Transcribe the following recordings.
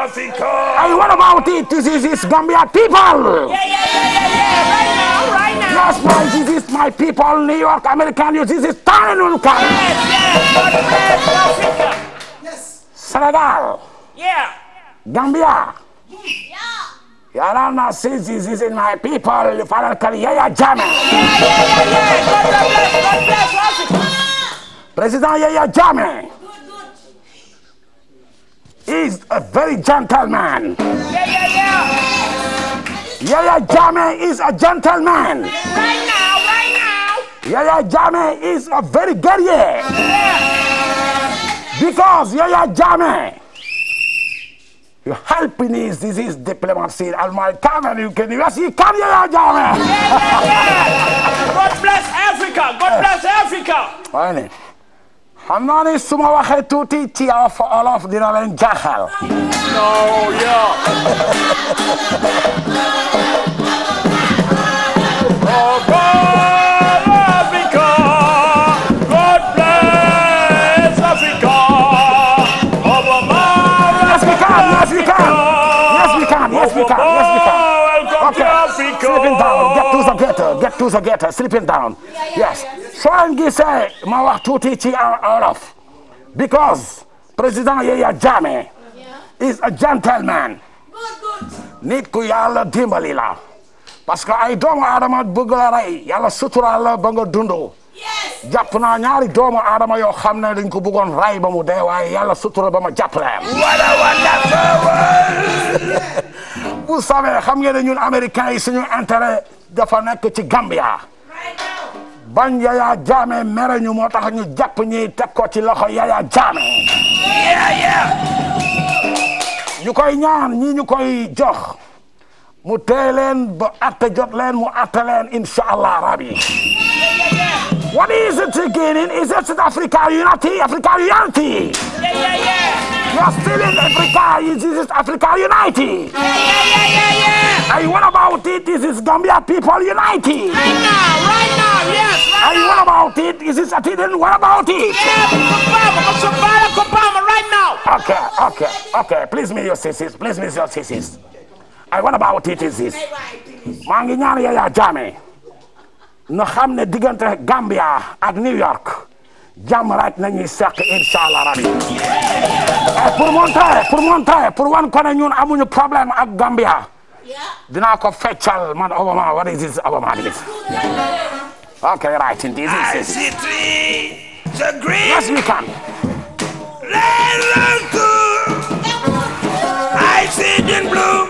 And what about it? This is this Gambia people. Yeah, yeah, yeah, yeah, Right now, right now. Yes, my, this is my people, New York, American youth. This is Tananulka. Yes, yes, yes. Senegal. Yeah. Gambia. Yeah. Yarana says this is in my people, Father Kaliyaya Jame. Yeah, yeah, yeah, yeah. God bless, God bless Africa. President Yaya Jame. is a very gentleman. Yeah, yeah, yeah. Yaya Jame is a gentleman. Right now, right now. Yaya Jame is a very guerrier. Yeah. Because Yaya Jame, you help in his disease diplomacy and my time and you can yes, you can Yaya Jame. Yeah, yeah, yeah. God bless Africa. God bless Africa. Fine. xam naa ne su ma waxee tuuti ci af olof dina leen jaaxal. non yow. oh God Africa, God bless Africa. Yes we can, yes we can, yes we can, yes we can, yes we can. Okay. Sleeping down. Get to the ghetto. Get to the ghetto. Sleeping down. Yes. soo gisee ma wax tuuti ci Wolof. because président Yaya Jammeh is a gentleman. nit ku yàlla dimbali la. parce que ay doomu aadama bëgg la rey yàlla suturaal la ba nga dundoo. jàpp naa ñaari doomu aadama yoo xam ne dañ ko bëggoon rey ba mu dee waaye yàlla sutura ba ma jàppale. vous savez xam ngeen ñun américains yi suñu intérêt dafa nekk ci Gambia bañ Yaya Jammeh mere ñu moo tax ñu jàpp ñi teg ci loxo Yaya Jammeh ñu koy ñaan ñii ñu koy jox mu tee leen atte jot leen mu atte leen incha what is it Africa Unity Africa Unity We are still in Africa. United. Yeah, yeah, yeah, yeah. And about it? This is Gambia People United. Right now, about it? is it? Yeah, Obama, Obama, Obama, right now. Okay, okay, okay. Please me your sissies. Please me your about it is this? maa ngi ñaan ya yaa jaame. na xam ne diggante Gambia ak New York. jamraat nañuy seq incha allah rabi eh, pour monter pour monter pour wan ko ne ñun amuñu problème ak Gambia dinaa ko feccal man Obama what is this Obama this ok right this is it the green yes we can red and blue I see it in blue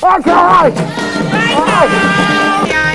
Ó, caralho! Ai,